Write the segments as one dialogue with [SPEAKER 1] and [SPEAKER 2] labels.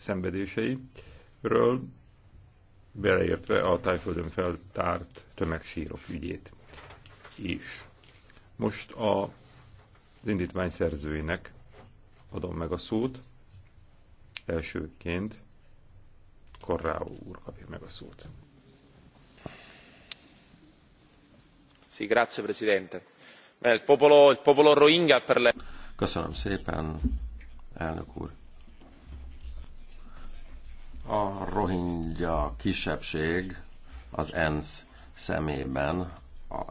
[SPEAKER 1] szenvedéseiről, beleértve a tájföldön feltárt tömegsírok ügyét is. Most a, az indítvány szerzőinek adom meg a szót. Elsőként Korráó úr kapja meg a szót.
[SPEAKER 2] Sì, grazie Presidente. il popolo, il popolo
[SPEAKER 3] Rohingya per le... Köszönöm szépen, elnök úr. A rohingya kisebbség az ENSZ szemében a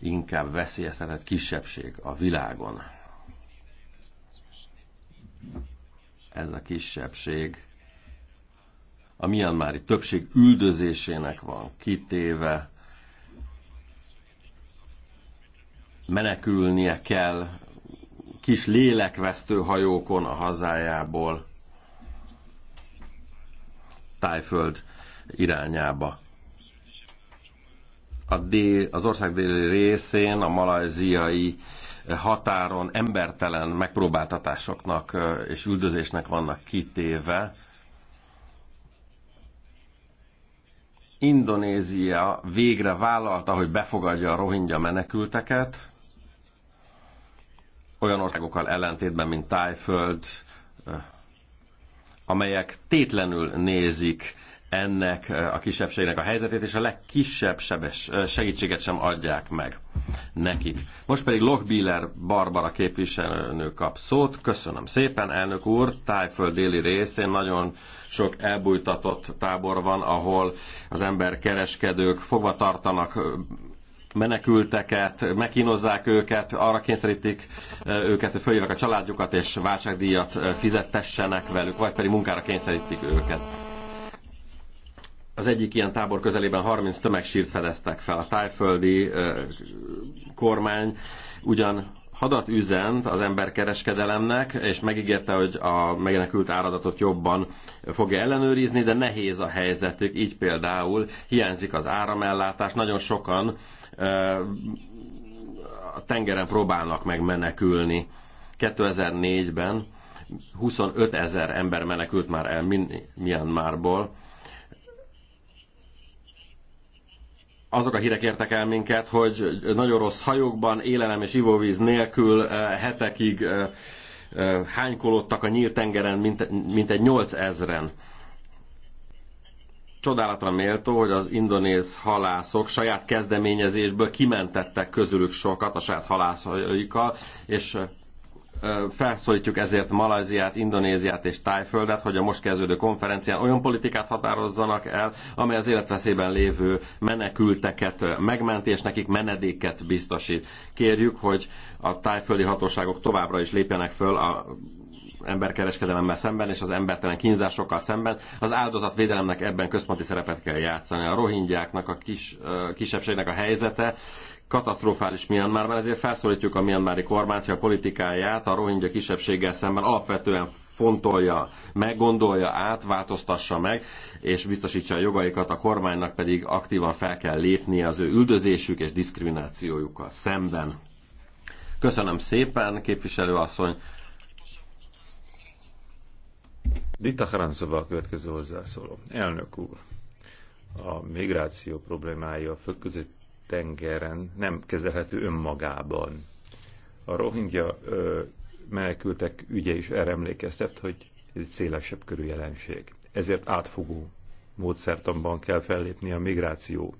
[SPEAKER 3] leginkább veszélyeztetett kisebbség a világon. Ez a kisebbség a mianmári többség üldözésének van kitéve, menekülnie kell kis lélekvesztő hajókon a hazájából, Tájföld irányába. A dél, az ország déli részén, a malajziai határon embertelen megpróbáltatásoknak és üldözésnek vannak kitéve. Indonézia végre vállalta, hogy befogadja a rohingya menekülteket, olyan országokkal ellentétben, mint Tájföld, amelyek tétlenül nézik ennek eh, a kisebbségnek a helyzetét, és a legkisebb sebes, eh, segítséget sem adják meg nekik. Most pedig Lochbiller Barbara képviselőnő kap szót. Köszönöm szépen, elnök úr. Tájföld déli részén nagyon sok elbújtatott tábor van, ahol az emberkereskedők fogva tartanak menekülteket, megkínozzák őket, arra kényszerítik eh, őket, hogy följövek a családjukat és váltságdíjat eh, fizettessenek velük, vagy pedig munkára kényszerítik őket. Az egyik ilyen tábor közelében 30 tömegsírt fedeztek fel. A tájföldi eh, kormány ugyan hadat üzent az emberkereskedelemnek, és megígérte, hogy a megenekült áradatot jobban fogja ellenőrizni, de nehéz a helyzetük, így például hiányzik az áramellátás, nagyon sokan a tengeren próbálnak meg menekülni. 2004-ben 25 ezer ember menekült már el Myanmarból. Azok a hírek értek el minket, hogy nagyon rossz hajókban, élelem és ivóvíz nélkül hetekig hánykolódtak a nyílt tengeren, mint, mint egy 8 ezeren. Csodálatra méltó, hogy az indonéz halászok saját kezdeményezésből kimentettek közülük sokat a saját halászaikkal, és felszólítjuk ezért Malajziát, Indonéziát és Tájföldet, hogy a most kezdődő konferencián olyan politikát határozzanak el, amely az életveszélyben lévő menekülteket megmenti, és nekik menedéket biztosít. Kérjük, hogy a tájföldi hatóságok továbbra is lépjenek föl a emberkereskedelemmel szemben és az embertelen kínzásokkal szemben. Az áldozatvédelemnek ebben központi szerepet kell játszani. A rohingyáknak, a kis, kisebbségnek a helyzete katasztrofális Myanmarban, ezért felszólítjuk a Myanmari kormányt, hogy a politikáját a rohingya kisebbséggel szemben alapvetően fontolja, meggondolja át, változtassa meg, és biztosítsa a jogaikat, a kormánynak pedig aktívan fel kell lépnie az ő üldözésük és diszkriminációjukkal szemben. Köszönöm szépen, képviselőasszony.
[SPEAKER 1] Dita Haranszova a következő hozzászóló. Elnök úr, a migráció problémája a fölközött tengeren nem kezelhető önmagában. A rohingya ö, menekültek ügye is erre emlékeztet, hogy ez egy szélesebb körű jelenség. Ezért átfogó módszertanban kell fellépni a migráció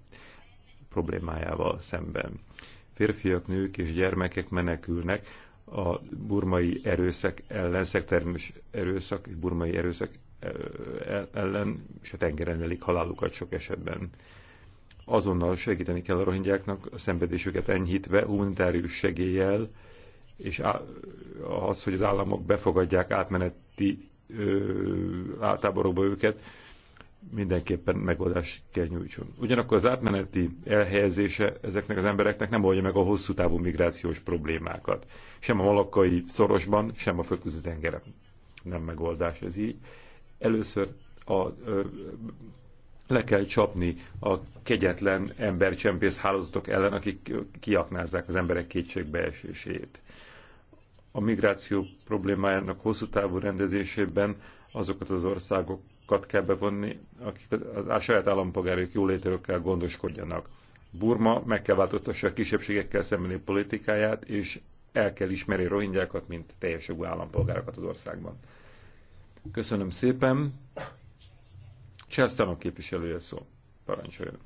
[SPEAKER 1] problémájával szemben. Férfiak, nők és gyermekek menekülnek, a burmai erőszak ellen, szektermes erőszak és burmai erőszak ellen, és a tengeren elik halálukat sok esetben. Azonnal segíteni kell a rohingyáknak a szenvedésüket enyhítve, humanitárius segéllyel, és az, hogy az államok befogadják átmeneti átáborokba őket, mindenképpen megoldás kell nyújtson. Ugyanakkor az átmeneti elhelyezése ezeknek az embereknek nem oldja meg a hosszú távú migrációs problémákat. Sem a malakai szorosban, sem a földközi tengeren. Nem megoldás ez így. Először a, ö, le kell csapni a kegyetlen embercsempész hálózatok ellen, akik kiaknázzák az emberek kétségbeesését. A migráció problémájának hosszú távú rendezésében azokat az országok azokat kell bevonni, akik az, a saját állampolgárok jólétéről kell gondoskodjanak. Burma meg kell változtassa a kisebbségekkel szembeni politikáját, és el kell ismerni rohingyákat, mint teljes jogú állampolgárokat az országban. Köszönöm szépen. Császtánok képviselője szó. Parancsoljon.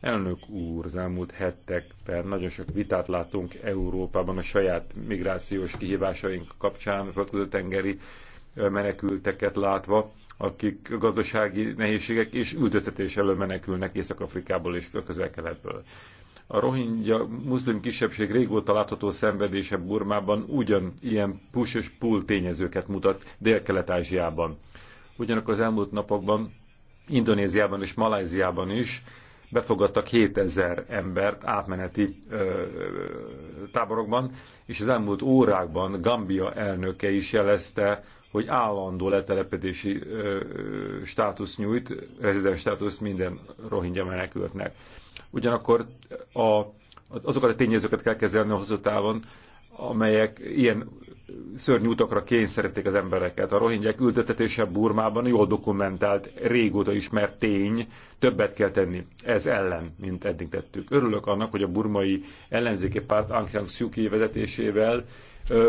[SPEAKER 1] Elnök úr, az elmúlt hetekben nagyon sok vitát látunk Európában a saját migrációs kihívásaink kapcsán, a földköző tengeri menekülteket látva akik gazdasági nehézségek és üldöztetés elől menekülnek Észak-Afrikából és közel-keletből. A rohingya muszlim kisebbség régóta látható szenvedése Burmában ugyan ilyen push és pull tényezőket mutat Dél-Kelet-Ázsiában. Ugyanakkor az elmúlt napokban Indonéziában és Malajziában is befogadtak 7000 embert átmeneti ö, táborokban, és az elmúlt órákban Gambia elnöke is jelezte, hogy állandó letelepedési státusz nyújt, rezidens státusz minden rohingya menekültnek. Ugyanakkor a, azokat a tényezőket kell kezelni a hosszú távon, amelyek ilyen szörnyű utakra kényszerítik az embereket. A rohingyák üldöztetése Burmában jól dokumentált, régóta ismert tény, többet kell tenni ez ellen, mint eddig tettük. Örülök annak, hogy a burmai ellenzéki párt Aung San Suu Kyi vezetésével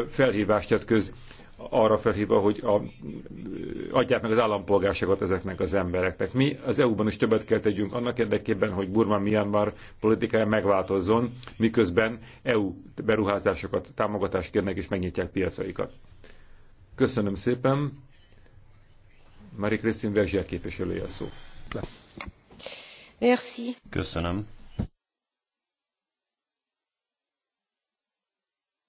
[SPEAKER 1] felhívást jött köz arra felhívva, hogy a, adják meg az állampolgárságot ezeknek az embereknek. Mi az EU-ban is többet kell tegyünk annak érdekében, hogy Burma Myanmar politikája megváltozzon, miközben EU beruházásokat, támogatást kérnek és megnyitják piacaikat. Köszönöm szépen. Marie-Christine Verzsiel képviselője a szó. Merci. Köszönöm.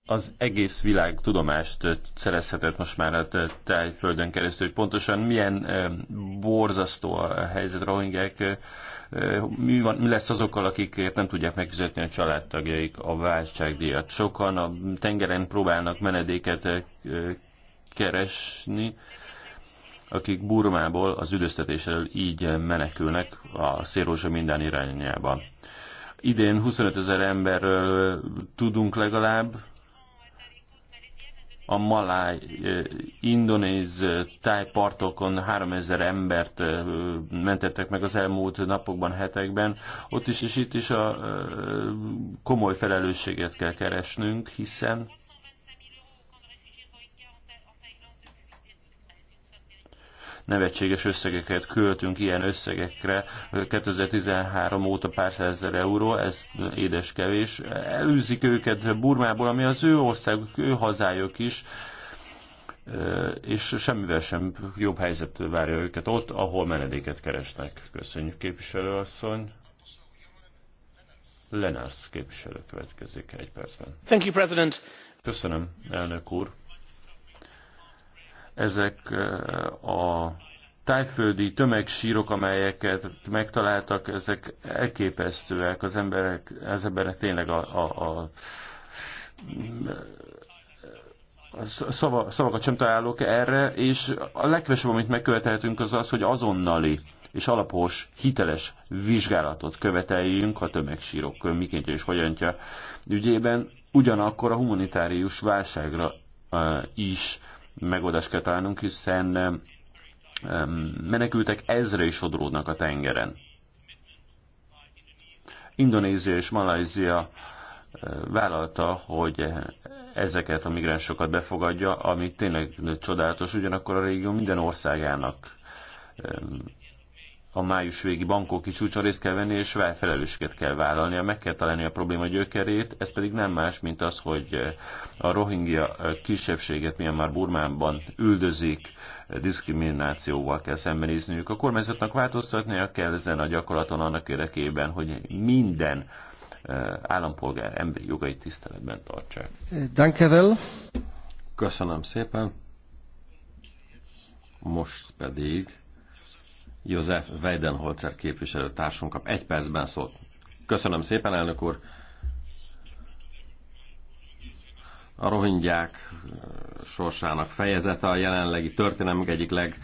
[SPEAKER 2] az egész világ tudomást szerezhetett most már a tájföldön keresztül, hogy pontosan milyen borzasztó a helyzet rohingyák, mi, van, mi lesz azokkal, akikért nem tudják megfizetni a családtagjaik a váltságdíjat. Sokan a tengeren próbálnak menedéket keresni, akik Burmából az üdöztetéssel így menekülnek a szélrózsa minden irányába. Idén 25 ezer emberről tudunk legalább, a maláj, indonéz tájpartokon 3000 embert mentettek meg az elmúlt napokban, hetekben. Ott is és itt is a komoly felelősséget kell keresnünk, hiszen nevetséges összegeket költünk ilyen összegekre. 2013 óta pár százezer euró, ez édes kevés. Elűzik őket Burmából, ami az ő országuk, ő hazájuk is és semmivel sem jobb helyzet várja őket ott, ahol menedéket keresnek. Köszönjük képviselőasszony. Lenars képviselő következik egy percben.
[SPEAKER 3] Thank you, President.
[SPEAKER 2] Köszönöm, elnök úr. Ezek a tájföldi tömegsírok, amelyeket megtaláltak, ezek elképesztőek. Az emberek, az emberek tényleg a, a, a szava, szavakat sem találok erre, és a legkevesebb, amit megkövetelhetünk, az az, hogy azonnali és alapos, hiteles vizsgálatot követeljünk a tömegsírok miként és hogyantja ügyében, ugyanakkor a humanitárius válságra is megoldást kell találnunk, hiszen menekültek ezre is sodródnak a tengeren. Indonézia és Malajzia eh, vállalta, hogy ezeket a migránsokat befogadja, ami tényleg csodálatos, ugyanakkor a régió minden országának a május végi bankok is csúcson részt kell venni, és felelősséget kell vállalnia, meg kell találni a probléma gyökerét, ez pedig nem más, mint az, hogy eh, a rohingya eh, kisebbséget milyen már Burmánban üldözik, eh, diszkriminációval kell szembenézniük. A kormányzatnak változtatnia kell ezen a gyakorlaton annak érdekében, hogy minden állampolgár emberi jogait tiszteletben tartsák. Dankevel.
[SPEAKER 3] Köszönöm szépen. Most pedig József Weidenholzer képviselő társunk kap egy percben szót. Köszönöm szépen, elnök úr! A rohingyák eh, sorsának fejezete a jelenlegi történelem egyik leg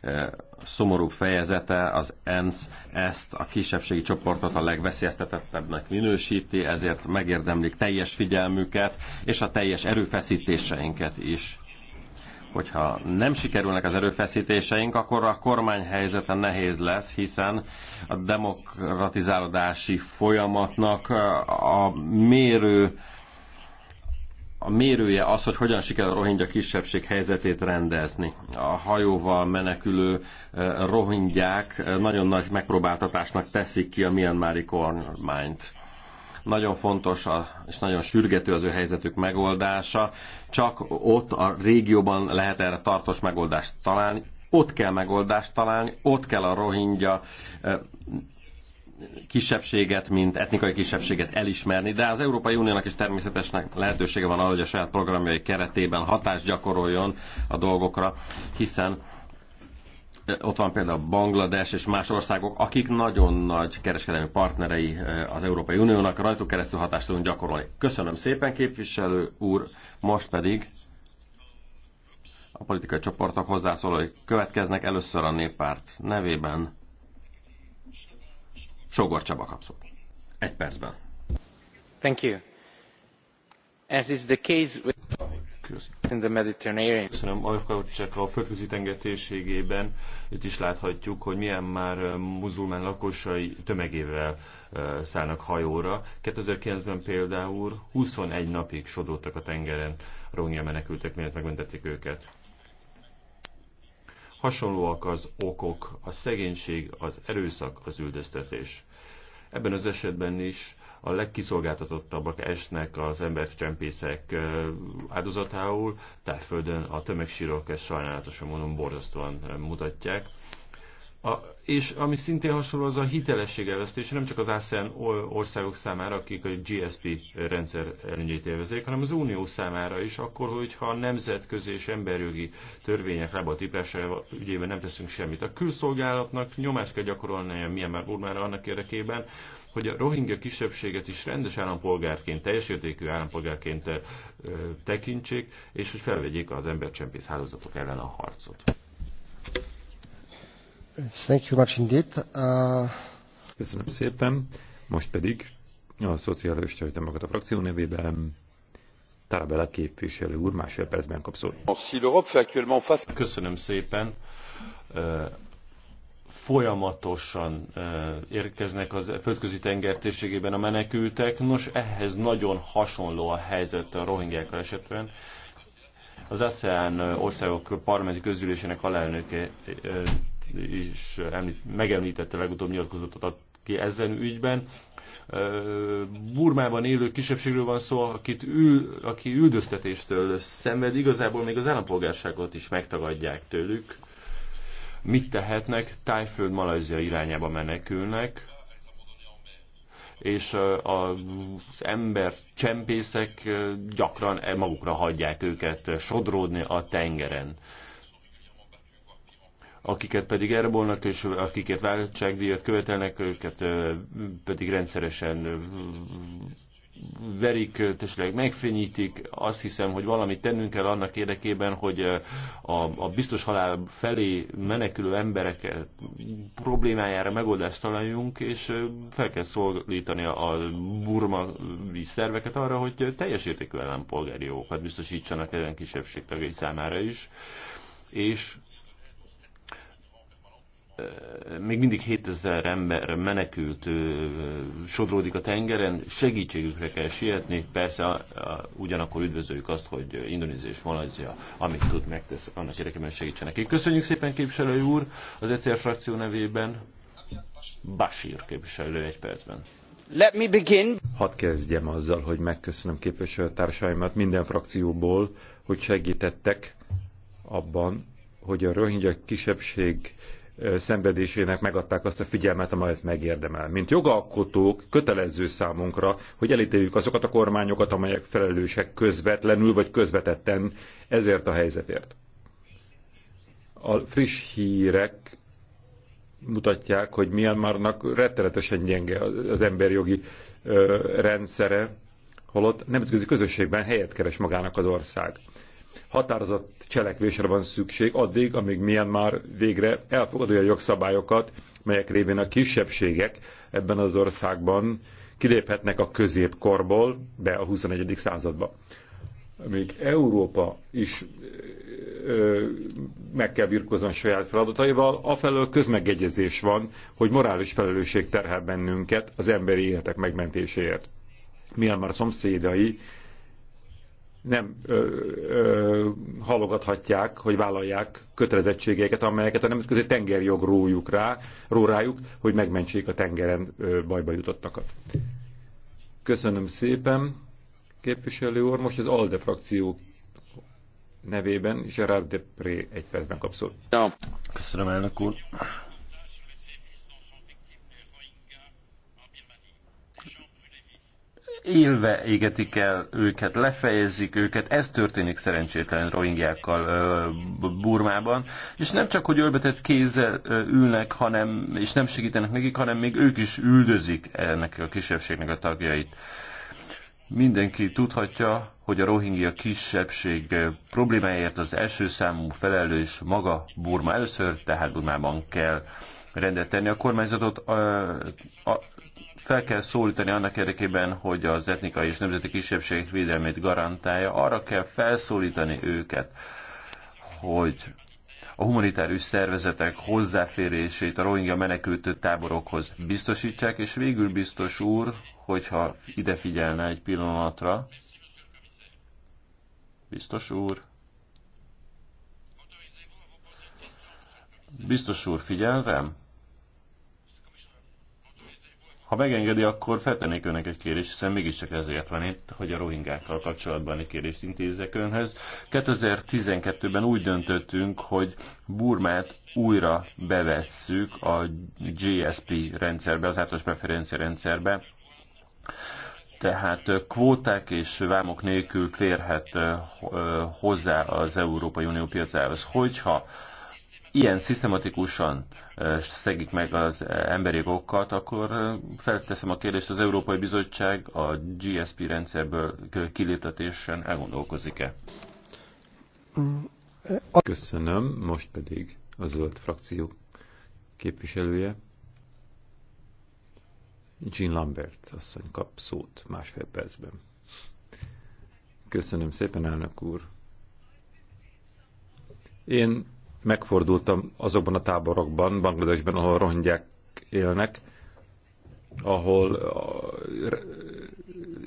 [SPEAKER 3] eh, szomorúbb fejezete, az ENSZ ezt a kisebbségi csoportot a legveszélyeztetettebbnek minősíti, ezért megérdemlik teljes figyelmüket és a teljes erőfeszítéseinket is hogyha nem sikerülnek az erőfeszítéseink, akkor a kormány helyzete nehéz lesz, hiszen a demokratizálódási folyamatnak a mérő a mérője az, hogy hogyan sikerül a rohingya kisebbség helyzetét rendezni. A hajóval menekülő rohingyák nagyon nagy megpróbáltatásnak teszik ki a Myanmari kormányt nagyon fontos a, és nagyon sürgető az ő helyzetük megoldása. Csak ott a régióban lehet erre tartós megoldást találni. Ott kell megoldást találni, ott kell a rohingya kisebbséget, mint etnikai kisebbséget elismerni, de az Európai Uniónak is természetesnek lehetősége van arra, hogy a saját programjai keretében hatást gyakoroljon a dolgokra, hiszen ott van például Banglades és más országok, akik nagyon nagy kereskedelmi partnerei eh, az Európai Uniónak, rajtuk keresztül hatást tudunk gyakorolni. Köszönöm szépen, képviselő úr, most pedig a politikai csoportok hozzászólói következnek először a néppárt nevében. Sogor Csaba kapszol. Egy percben. Thank you. As is
[SPEAKER 2] the case with... Köszönöm. csak a földközi tenger térségében itt is láthatjuk, hogy milyen már muzulmán lakosai tömegével szállnak hajóra. 2009-ben például 21 napig sodródtak a tengeren rohingya menekültek, miért megmentették őket. Hasonlóak az okok, a szegénység, az erőszak, az üldöztetés. Ebben az esetben is a legkiszolgáltatottabbak esnek az embercsempészek áldozatául, tájföldön a tömegsírok ezt sajnálatosan mondom borzasztóan mutatják. A, és ami szintén hasonló, az a hitelesség elvesztése nem csak az ASEAN országok számára, akik a GSP rendszer előnyét élvezik, hanem az Unió számára is, akkor, hogyha a nemzetközi és emberjogi törvények lábatípására ügyében nem teszünk semmit. A külszolgálatnak nyomást kell gyakorolnia Myanmar már annak érdekében, hogy a rohingya kisebbséget is rendes állampolgárként, teljes értékű állampolgárként tekintsék, és hogy felvegyék az embercsempész hálózatok ellen a harcot.
[SPEAKER 3] Thank you much indeed. Uh...
[SPEAKER 1] Köszönöm szépen. Most pedig a Szociális Csajtemokat a frakció nevében Tarabella képviselő úr másfél percben kap szót.
[SPEAKER 3] Köszönöm szépen
[SPEAKER 2] folyamatosan érkeznek az földközi tenger térségében a menekültek. Nos, ehhez nagyon hasonló a helyzet a rohingyákkal esetben. Az ASEAN országok parlamenti közülésének alelnöke is említ, megemlítette legutóbb nyilatkozatot ki ezen ügyben. Burmában élő kisebbségről van szó, akit ül, aki üldöztetéstől szenved, igazából még az állampolgárságot is megtagadják tőlük Mit tehetnek? Tájföld Malajzia irányába menekülnek, és az ember csempészek gyakran e magukra hagyják őket sodródni a tengeren akiket pedig erbolnak, és akiket váltságdíjat követelnek, őket pedig rendszeresen verik, testleg megfényítik. Azt hiszem, hogy valamit tennünk kell annak érdekében, hogy a, a biztos halál felé menekülő emberek problémájára megoldást találjunk, és fel kell szólítani a Burma szerveket arra, hogy teljes értékű ellenpolgári jogokat biztosítsanak ezen kisebbség tagjai számára is és még mindig 7000 ember menekült sodródik a tengeren, segítségükre kell sietni, persze ugyanakkor üdvözöljük azt, hogy Indonézia és Malajzia, amit tud, megtesz, annak érdekében segítsenek. köszönjük szépen képviselő úr, az ECR frakció nevében Basír képviselő egy percben. Let me begin.
[SPEAKER 1] Hadd kezdjem azzal, hogy megköszönöm képviselőtársaimat minden frakcióból, hogy segítettek abban, hogy a rohingya kisebbség szenvedésének megadták azt a figyelmet, amelyet megérdemel. Mint jogalkotók kötelező számunkra, hogy elítéljük azokat a kormányokat, amelyek felelősek közvetlenül vagy közvetetten ezért a helyzetért. A friss hírek mutatják, hogy Myanmarnak rettenetesen gyenge az emberjogi rendszere, holott nemzetközi közösségben helyet keres magának az ország határozott cselekvésre van szükség addig, amíg Myanmar végre elfogadja a jogszabályokat, melyek révén a kisebbségek ebben az országban kiléphetnek a középkorból be a 21. századba. Még Európa is ö, meg kell birkozni saját feladataival, afelől közmegegyezés van, hogy morális felelősség terhel bennünket az emberi életek megmentéséért. Myanmar szomszédai nem ö, ö, halogathatják, hogy vállalják kötelezettségeiket, amelyeket a nemzetközi tengerjog rójuk rá, ró rájuk, hogy megmentsék a tengeren ö, bajba jutottakat. Köszönöm szépen, képviselő úr. Most az ALDE frakció nevében Gerard Depré egy percben kapszol. Köszönöm, elnök úr.
[SPEAKER 3] élve
[SPEAKER 2] égetik el őket, lefejezik őket, ez történik szerencsétlen rohingyákkal Burmában, és nem csak, hogy ölbetett kézzel ülnek, hanem, és nem segítenek nekik, hanem még ők is üldözik ennek a kisebbségnek a tagjait. Mindenki tudhatja, hogy a rohingya kisebbség problémáért az első számú felelős maga Burma először, tehát Burmában kell rendet tenni. A kormányzatot a, a, fel kell szólítani annak érdekében, hogy az etnikai és nemzeti kisebbségek védelmét garantálja. Arra kell felszólítani őket, hogy a humanitárius szervezetek hozzáférését a rohingya menekültő táborokhoz biztosítsák, és végül biztos úr, hogyha ide figyelne egy pillanatra, biztos úr, biztos úr figyel rám? Ha megengedi, akkor feltennék önnek egy kérdést, hiszen mégiscsak ezért van itt, hogy a rohingákkal kapcsolatban egy kérdést intézzek önhöz. 2012-ben úgy döntöttünk, hogy Burmát újra bevesszük a GSP rendszerbe, az általános preferencia rendszerbe. Tehát kvóták és vámok nélkül férhet hozzá az Európai Unió piacához. Hogyha ilyen szisztematikusan szegik meg az emberi jogokat, akkor felteszem a kérdést, az Európai Bizottság a GSP rendszerből kiléptetésen
[SPEAKER 1] elgondolkozik-e? Köszönöm, most pedig a zöld frakció képviselője. Jean Lambert asszony kap szót másfél percben. Köszönöm szépen, elnök úr. Én megfordultam azokban a táborokban, Bangladesben, ahol rongyák élnek, ahol a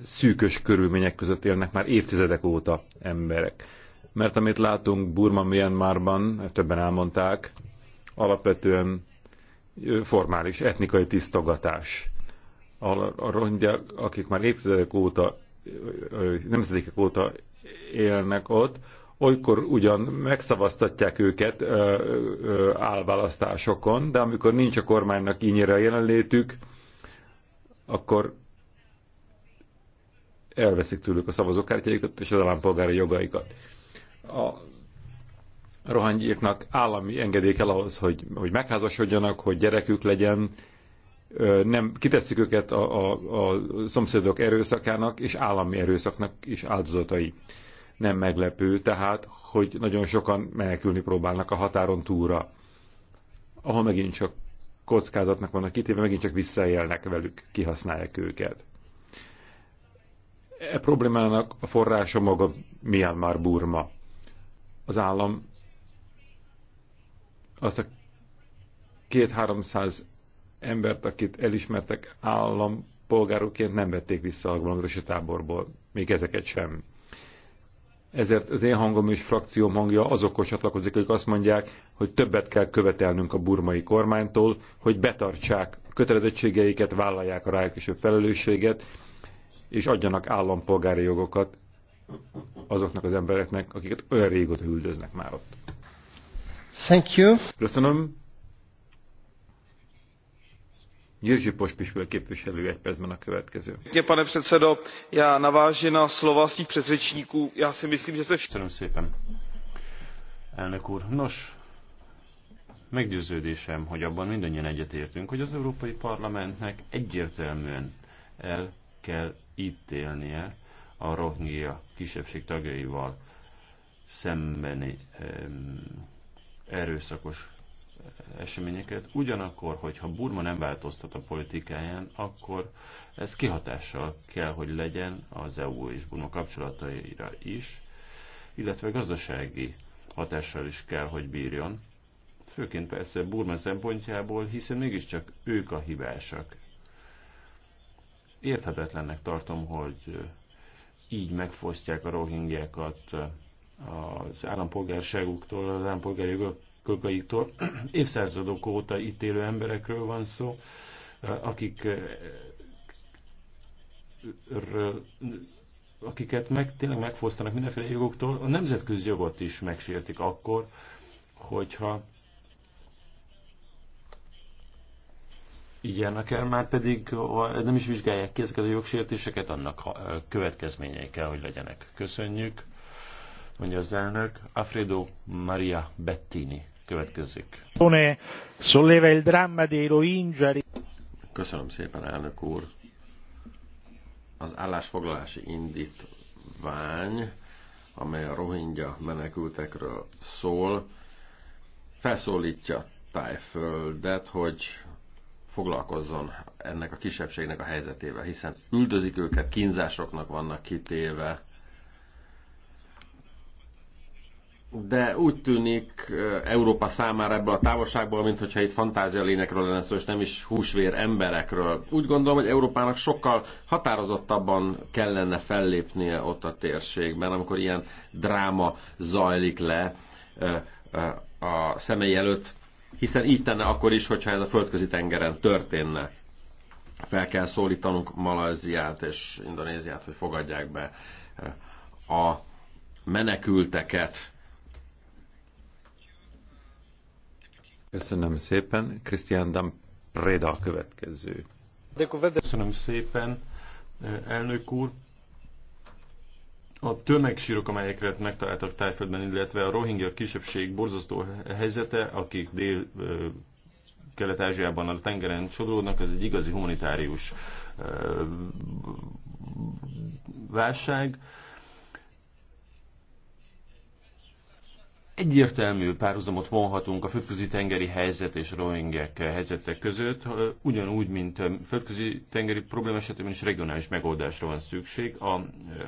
[SPEAKER 1] szűkös körülmények között élnek már évtizedek óta emberek. Mert amit látunk Burma Myanmarban, többen elmondták, alapvetően formális etnikai tisztogatás. A rongyák, akik már évtizedek óta, nemzedékek óta élnek ott, olykor ugyan megszavaztatják őket ö, ö, álválasztásokon, de amikor nincs a kormánynak ínyire a jelenlétük, akkor elveszik tőlük a szavazókártyáikat és az állampolgári jogaikat. A rohangyéknak állami engedély kell ahhoz, hogy, hogy megházasodjanak, hogy gyerekük legyen, nem kitesszük őket a, a, a szomszédok erőszakának és állami erőszaknak is áldozatai. Nem meglepő tehát, hogy nagyon sokan menekülni próbálnak a határon túlra, ahol megint csak kockázatnak vannak kitéve, megint csak visszaélnek velük, kihasználják őket. E problémának a forrása maga Myanmar Burma. Az állam azt a két-háromszáz embert, akit elismertek állampolgárokként nem vették vissza a gondosi táborból, még ezeket sem ezért az én hangom és frakcióm hangja azokhoz csatlakozik, akik azt mondják, hogy többet kell követelnünk a burmai kormánytól, hogy betartsák kötelezettségeiket, vállalják a rájuk és a felelősséget, és adjanak állampolgári jogokat azoknak az embereknek, akiket olyan régóta üldöznek már ott. Thank you. Köszönöm. Jiří Pospišil képviselő egy percben a következő.
[SPEAKER 3] Pane předsedo, já naváži na slova svých předřečníků. Já si myslím, že to... Köszönöm szépen.
[SPEAKER 2] Elnök úr, nos, meggyőződésem, hogy abban mindannyian egyetértünk, hogy az Európai Parlamentnek egyértelműen el kell ítélnie a rohingya kisebbség tagjaival szembeni erőszakos eseményeket. Ugyanakkor, hogyha Burma nem változtat a politikáján, akkor ez kihatással kell, hogy legyen az EU és Burma kapcsolataira is, illetve gazdasági hatással is kell, hogy bírjon. Főként persze Burma szempontjából, hiszen mégiscsak ők a hibásak. Érthetetlennek tartom, hogy így megfosztják a rohingyákat az állampolgárságuktól, az állampolgári jogok gazdagaitól. Évszázadok óta itt élő emberekről van szó, akik eh, akiket meg, tényleg megfosztanak mindenféle jogoktól, a nemzetközi jogot is megsértik akkor, hogyha járnak el, már pedig ha nem is vizsgálják ki ezeket a jogsértéseket, annak eh, következményei kell, hogy legyenek. Köszönjük, mondja az elnök. Alfredo Maria Bettini következik.
[SPEAKER 3] Köszönöm szépen, elnök úr. Az állásfoglalási indítvány, amely a rohingya menekültekről szól, felszólítja Tájföldet, hogy foglalkozzon ennek a kisebbségnek a helyzetével, hiszen üldözik őket, kínzásoknak vannak kitéve, de úgy tűnik Európa számára ebből a távolságból, mintha itt lényekről lenne szó, és nem is húsvér emberekről. Úgy gondolom, hogy Európának sokkal határozottabban kellene fellépnie ott a térségben, amikor ilyen dráma zajlik le a szemei előtt, hiszen így tenne akkor is, hogyha ez a földközi tengeren történne. Fel kell szólítanunk Malajziát és Indonéziát, hogy fogadják be a
[SPEAKER 1] menekülteket Köszönöm szépen. Krisztián Dam Preda a következő.
[SPEAKER 3] Köszönöm
[SPEAKER 2] szépen, elnök úr. A tömegsírok, amelyekre megtaláltak Tájföldben, illetve a rohingya kisebbség borzasztó helyzete, akik dél Kelet-Ázsiában a tengeren sodródnak, ez egy igazi humanitárius válság. egyértelmű párhuzamot vonhatunk a földközi tengeri helyzet és rohingyek helyzetek között, ugyanúgy, mint földközi tengeri probléma esetében is regionális megoldásra van szükség. A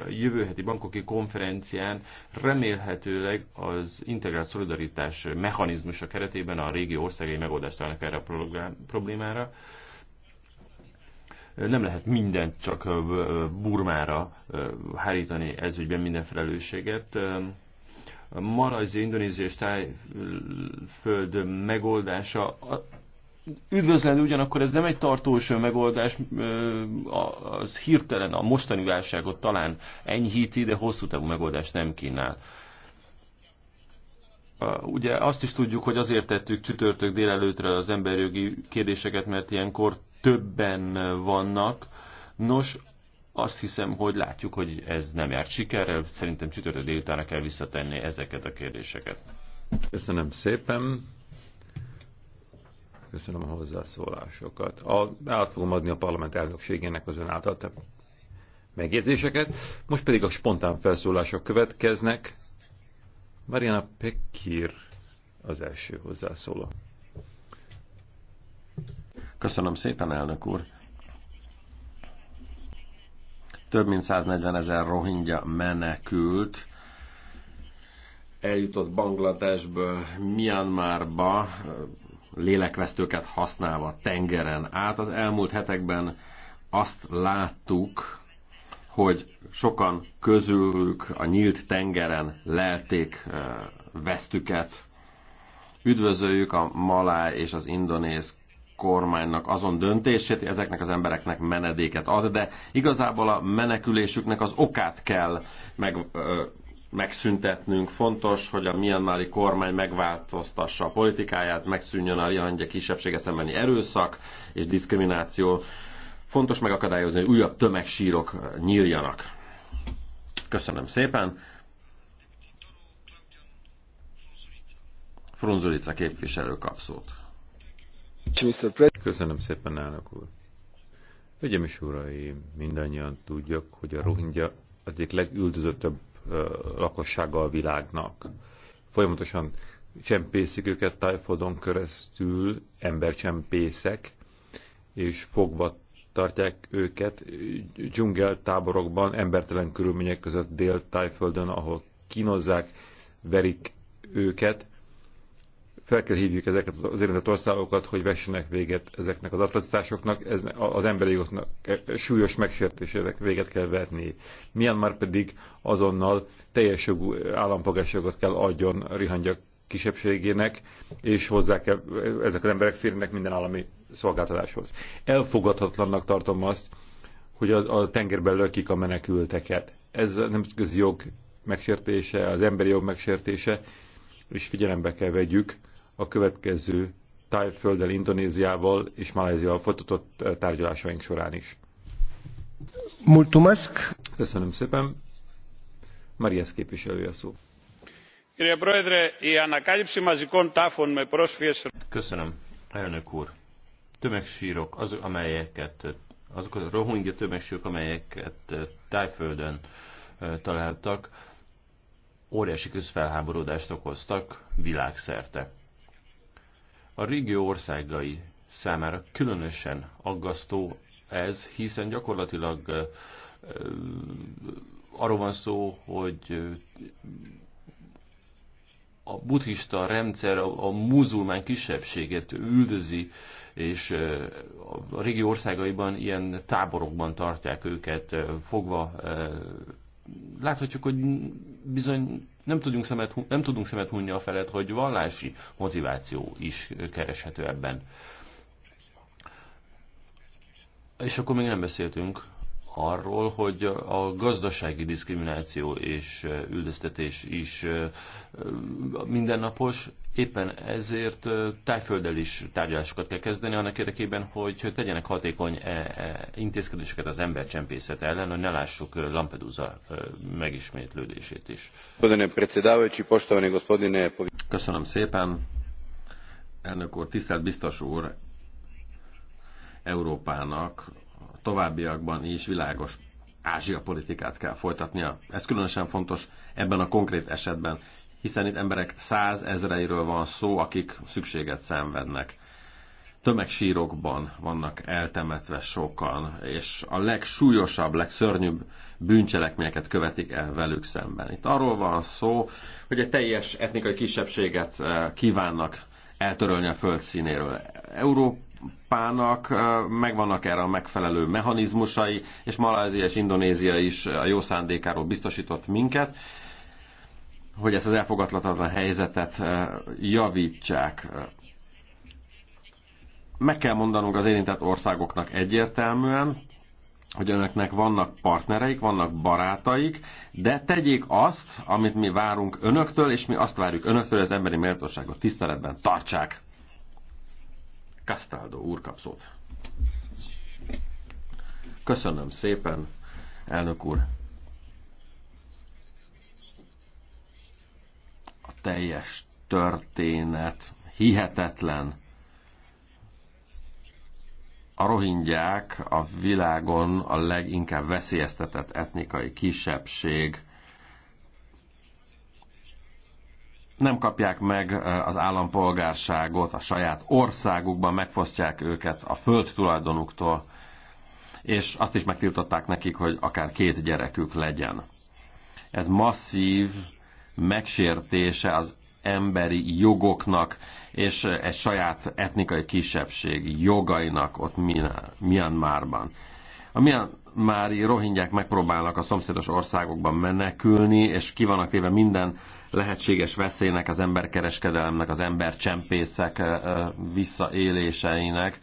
[SPEAKER 2] jövő heti bankoki konferencián remélhetőleg az integrált szolidaritás mechanizmusa keretében a régió országai megoldást találnak erre a problémára nem lehet mindent csak Burmára hárítani ezügyben minden felelősséget. A malajzi, indonéziai tájföld megoldása üdvözlendő, ugyanakkor ez nem egy tartós megoldás, az hirtelen a mostani válságot talán enyhíti, de hosszú távú megoldást nem kínál. Ugye azt is tudjuk, hogy azért tettük csütörtök délelőtre az emberjogi kérdéseket, mert ilyenkor többen vannak. Nos, azt hiszem, hogy látjuk, hogy ez nem járt sikerrel, szerintem csütörtök délutánra kell visszatenni ezeket a kérdéseket.
[SPEAKER 1] Köszönöm szépen. Köszönöm a hozzászólásokat. A, át fogom adni a parlament elnökségének az ön által megjegyzéseket. Most pedig a spontán felszólások következnek. Mariana Pekir az első hozzászóló.
[SPEAKER 3] Köszönöm szépen, elnök úr több mint 140 ezer rohingya menekült, eljutott Bangladesből Myanmarba, lélekvesztőket használva tengeren át. Az elmúlt hetekben azt láttuk, hogy sokan közülük a nyílt tengeren lelték eh, vesztüket. Üdvözöljük a maláj és az indonéz kormánynak azon döntését, hogy ezeknek az embereknek menedéket ad, de igazából a menekülésüknek az okát kell meg, ö, megszüntetnünk. Fontos, hogy a Myanmari kormány megváltoztassa a politikáját, megszűnjön a Rihangya kisebbsége szembeni erőszak és diszkrimináció. Fontos megakadályozni, hogy újabb tömegsírok nyíljanak. Köszönöm szépen. Frunzulica képviselő
[SPEAKER 1] kapszót. szót. Köszönöm szépen, elnök úr. Hölgyeim és uraim, mindannyian tudjuk, hogy a rohingya az egyik legüldözöttebb lakossága a világnak. Folyamatosan csempészik őket tájfodon keresztül, embercsempészek, és fogva tartják őket dzsungeltáborokban, táborokban, embertelen körülmények között dél tájföldön, ahol kínozzák, verik őket, fel kell hívjuk ezeket az érintett országokat, hogy vessenek véget ezeknek az atrocitásoknak, ez az emberi jogoknak e, e, súlyos megsértésének véget kell vetni. már pedig azonnal teljes jogú állampolgárságot kell adjon Rihangya kisebbségének, és hozzá kell, ezek az emberek férjenek minden állami szolgáltatáshoz. Elfogadhatatlannak tartom azt, hogy a, a tengerben lökik a menekülteket. Ez a nemzetközi jog megsértése, az emberi jog megsértése, és figyelembe kell vegyük, a következő Tájfölddel, Indonéziával és Malajziával folytatott tárgyalásaink során is. Multumesc. Köszönöm szépen! Marias képviselő a szó.
[SPEAKER 2] Köszönöm, elnök úr. Tömegsírok, az, amelyeket, azok a rohingya tömegsírok, amelyeket Tájföldön találtak, óriási közfelháborodást okoztak világszerte. A régió országai számára különösen aggasztó ez, hiszen gyakorlatilag arról van szó, hogy a buddhista rendszer a muzulmán kisebbséget üldözi, és a régi országaiban ilyen táborokban tartják őket fogva, láthatjuk, hogy bizony nem tudunk szemet, nem tudunk szemet hunni a felett, hogy vallási motiváció is kereshető ebben. És akkor még nem beszéltünk arról, hogy a gazdasági diszkrimináció és üldöztetés is mindennapos, éppen ezért tájfölddel is tárgyalásokat kell kezdeni annak érdekében, hogy tegyenek hatékony e, e, intézkedéseket az embercsempészet ellen, hogy ne lássuk Lampedusa megismétlődését is.
[SPEAKER 3] Köszönöm szépen. Elnök úr, tisztelt biztos úr, Európának továbbiakban is világos Ázsia politikát kell folytatnia. Ez különösen fontos ebben a konkrét esetben, hiszen itt emberek százezreiről van szó, akik szükséget szenvednek. Tömegsírokban vannak eltemetve sokan, és a legsúlyosabb, legszörnyűbb bűncselekményeket követik el velük szemben. Itt arról van szó, hogy egy teljes etnikai kisebbséget eh, kívánnak eltörölni a földszínéről. Európa pának megvannak erre a megfelelő mechanizmusai, és Malázia és Indonézia is a jó szándékáról biztosított minket, hogy ezt az elfogadhatatlan helyzetet javítsák. Meg kell mondanunk az érintett országoknak egyértelműen, hogy önöknek vannak partnereik, vannak barátaik, de tegyék azt, amit mi várunk önöktől, és mi azt várjuk önöktől, hogy az emberi méltóságot tiszteletben tartsák. Castaldo úr kap szót. Köszönöm szépen, elnök úr. A teljes történet hihetetlen. A rohingyák a világon a leginkább veszélyeztetett etnikai kisebbség nem kapják meg az állampolgárságot a saját országukban, megfosztják őket a föld tulajdonuktól, és azt is megtiltották nekik, hogy akár két gyerekük legyen. Ez masszív megsértése az emberi jogoknak és egy saját etnikai kisebbség jogainak ott Myanmarban. A már rohingyák megpróbálnak a szomszédos országokban menekülni, és ki vannak téve minden lehetséges veszélynek, az emberkereskedelemnek, az embercsempészek visszaéléseinek,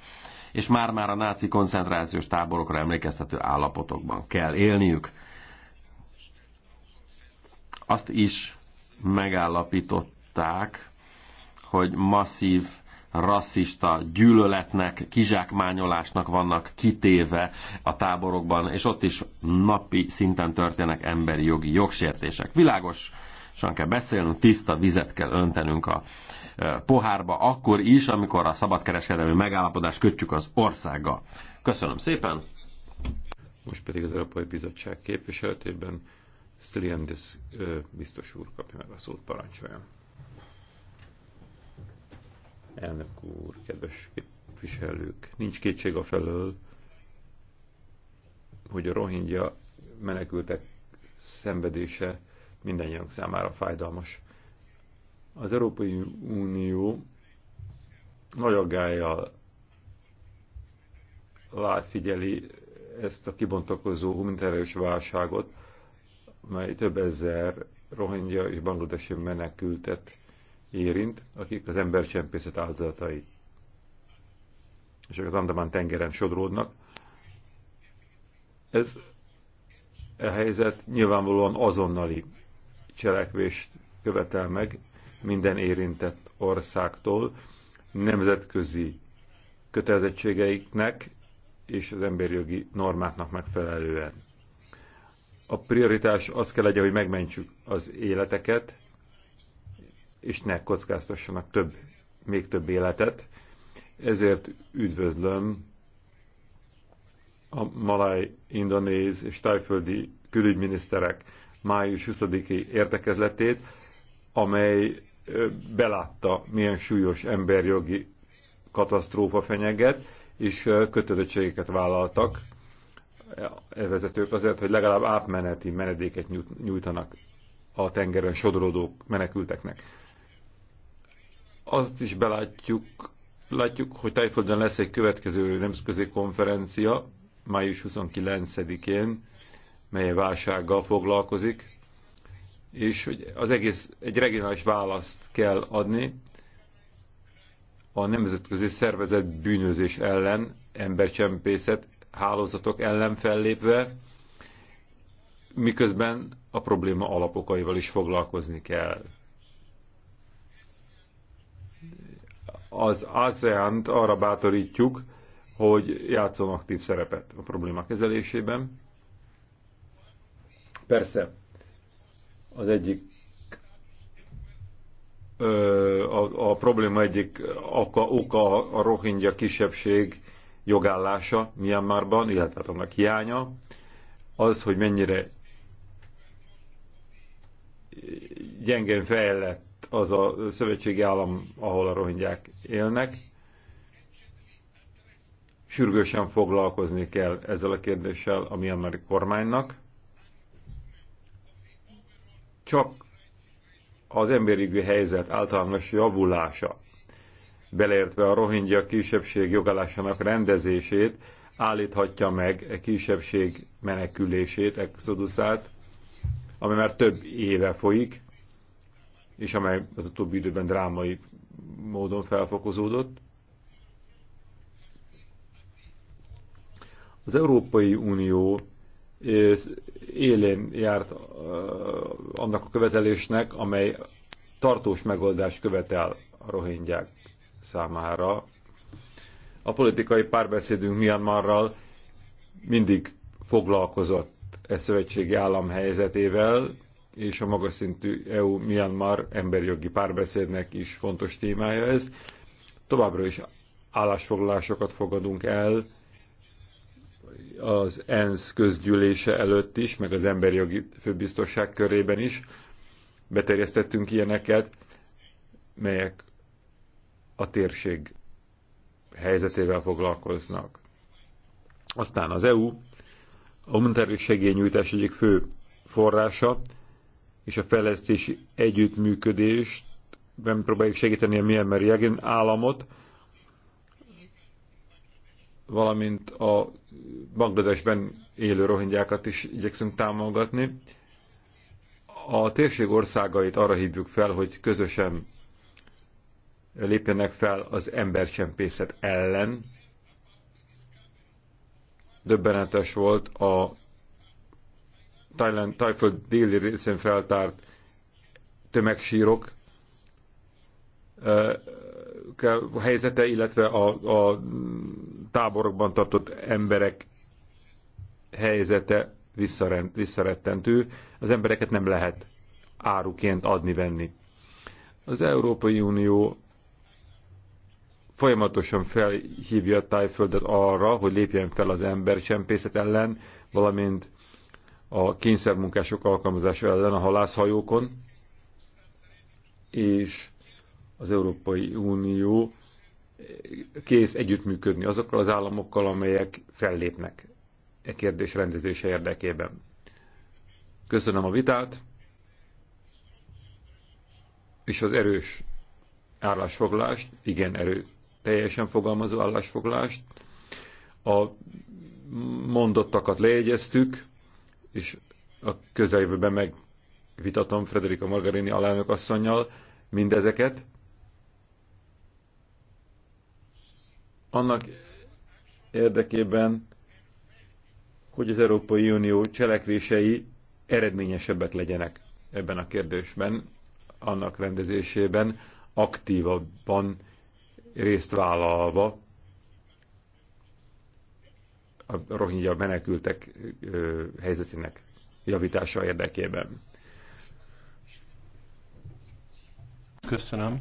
[SPEAKER 3] és már-már a náci koncentrációs táborokra emlékeztető állapotokban kell élniük. Azt is megállapították, hogy masszív rasszista gyűlöletnek, kizsákmányolásnak vannak kitéve a táborokban, és ott is napi szinten történnek emberi jogi jogsértések. Világos, kell beszélnünk, tiszta vizet kell öntenünk a e, pohárba, akkor is, amikor a szabadkereskedelmi megállapodást kötjük az országgal. Köszönöm szépen!
[SPEAKER 1] Most pedig az Európai Bizottság képviseletében Stylianides e, biztos úr kapja meg a szót, parancsoljon. Elnök úr, kedves képviselők, nincs kétség a felől, hogy a rohingya menekültek szenvedése mindannyiunk számára fájdalmas. Az Európai Unió nagy aggájjal lát figyeli ezt a kibontakozó humanitárius válságot, mely több ezer rohingya és bangladesi menekültet érint, akik az embercsempészet áldozatai, és az Andamán tengeren sodródnak. Ez a e helyzet nyilvánvalóan azonnali cselekvést követel meg minden érintett országtól, nemzetközi kötelezettségeiknek és az emberjogi normáknak megfelelően. A prioritás az kell legyen, hogy megmentsük az életeket, és ne kockáztassanak több, még több életet. Ezért üdvözlöm a malaj, indonéz és tájföldi külügyminiszterek május 20-i értekezletét, amely belátta, milyen súlyos emberjogi katasztrófa fenyeget, és kötelezettségeket vállaltak e vezetők azért, hogy legalább átmeneti menedéket nyújtanak a tengeren sodródó menekülteknek azt is belátjuk, látjuk, hogy Tájföldön lesz egy következő nemzetközi konferencia, május 29-én, mely válsággal foglalkozik, és hogy az egész egy regionális választ kell adni a nemzetközi szervezet bűnözés ellen, embercsempészet, hálózatok ellen fellépve, miközben a probléma alapokaival is foglalkozni kell. az ASEAN-t arra bátorítjuk, hogy játszon aktív szerepet a probléma kezelésében. Persze, az egyik a, a probléma egyik oka, oka a rohingya kisebbség jogállása Myanmarban, illetve hát annak hiánya, az, hogy mennyire gyengen fejlett az a szövetségi állam, ahol a rohingyák élnek. Sürgősen foglalkozni kell ezzel a kérdéssel a Myanmari kormánynak. Csak az emberi helyzet általános javulása, beleértve a rohingya kisebbség jogállásának rendezését, állíthatja meg a e kisebbség menekülését, exoduszát, ami már több éve folyik, és amely az utóbbi időben drámai módon felfokozódott. Az Európai Unió élén járt annak a követelésnek, amely tartós megoldást követel a rohingyák számára. A politikai párbeszédünk Myanmarral mindig foglalkozott e szövetségi állam helyzetével, és a magas szintű EU-Myanmar emberjogi párbeszédnek is fontos témája ez. Továbbra is állásfoglalásokat fogadunk el az ENSZ közgyűlése előtt is, meg az emberjogi főbiztosság körében is. Beterjesztettünk ilyeneket, melyek a térség helyzetével foglalkoznak. Aztán az EU a humanitárius segélynyújtás egyik fő forrása, és a fejlesztési együttműködést, ben próbáljuk segíteni a Myanmar Jagin államot, valamint a Bangladesben élő rohingyákat is igyekszünk támogatni. A térség országait arra hívjuk fel, hogy közösen lépjenek fel az embercsempészet ellen. Döbbenetes volt a Thailand, Thailand déli részén feltárt tömegsírok a helyzete, illetve a, a táborokban tartott emberek helyzete visszarend, visszarettentő. Az embereket nem lehet áruként adni-venni. Az Európai Unió folyamatosan felhívja a tájföldet arra, hogy lépjen fel az ember sempészet ellen, valamint a kényszermunkások alkalmazása ellen a halászhajókon, és az Európai Unió kész együttműködni azokkal az államokkal, amelyek fellépnek e kérdés rendezése érdekében. Köszönöm a vitát, és az erős állásfoglást, igen erő, teljesen fogalmazó állásfoglást. A mondottakat lejegyeztük, és a közeljövőben megvitatom Frederika Margarini alelnök asszonynal mindezeket. Annak érdekében, hogy az Európai Unió cselekvései eredményesebbek legyenek ebben a kérdésben, annak rendezésében, aktívabban részt vállalva a rohingya menekültek helyzetének javítása érdekében. Köszönöm.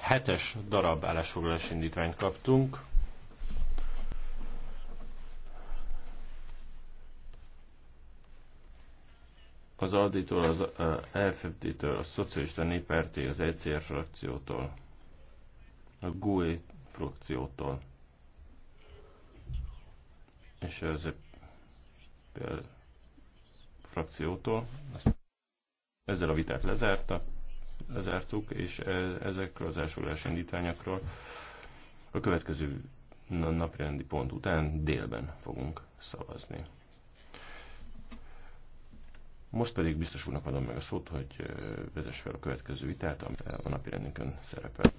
[SPEAKER 2] Hetes darab állásfoglalás indítványt kaptunk. Az Alditól, az LFD-től, a Szocialista Néperté, az ECR frakciótól, a GUE frakciótól és az frakciótól. Ezzel a vitát lezárta, lezártuk, és e-, ezekről az első indítványokról a következő naprendi pont után délben fogunk szavazni. Most pedig biztos úrnak adom meg a szót, hogy vezess fel a következő vitát, ami a napirendünkön szerepel.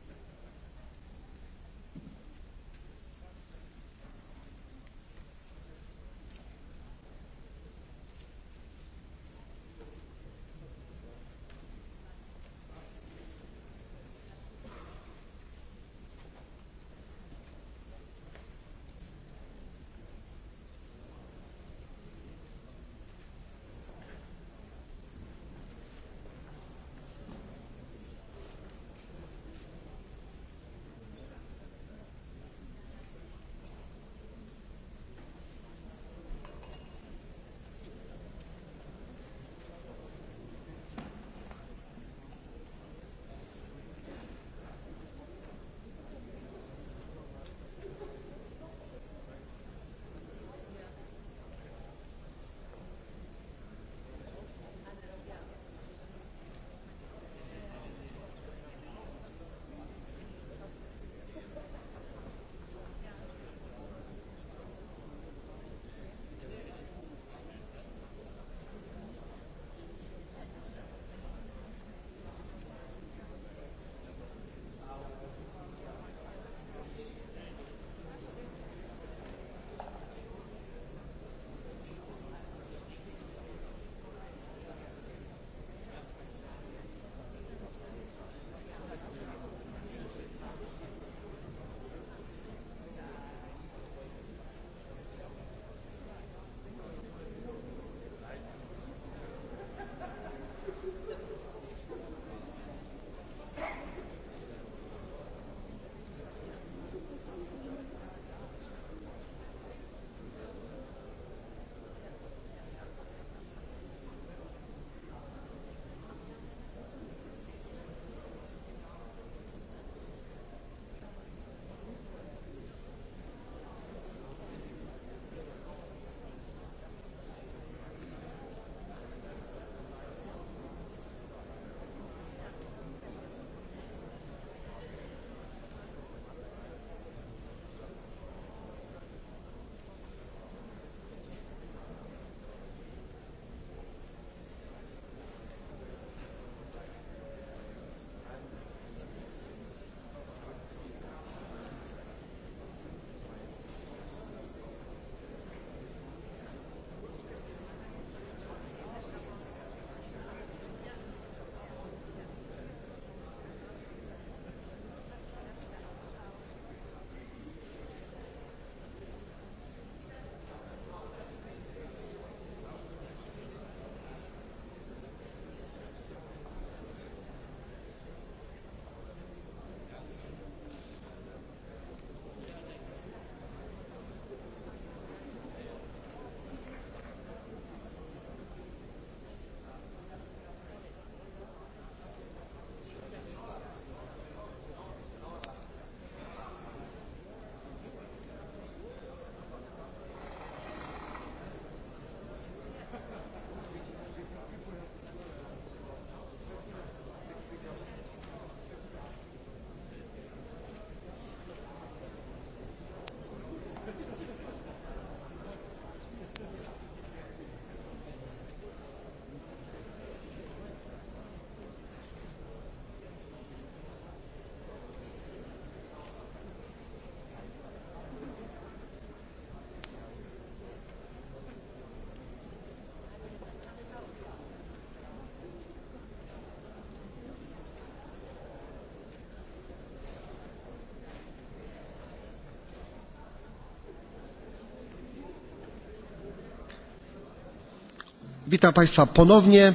[SPEAKER 2] witam państwa ponownie.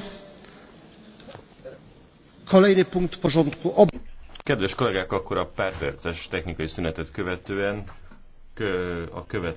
[SPEAKER 2] kolejny punkt porządku obrad. kedves kollégák akkor a párperces technikai szünetet követően a következő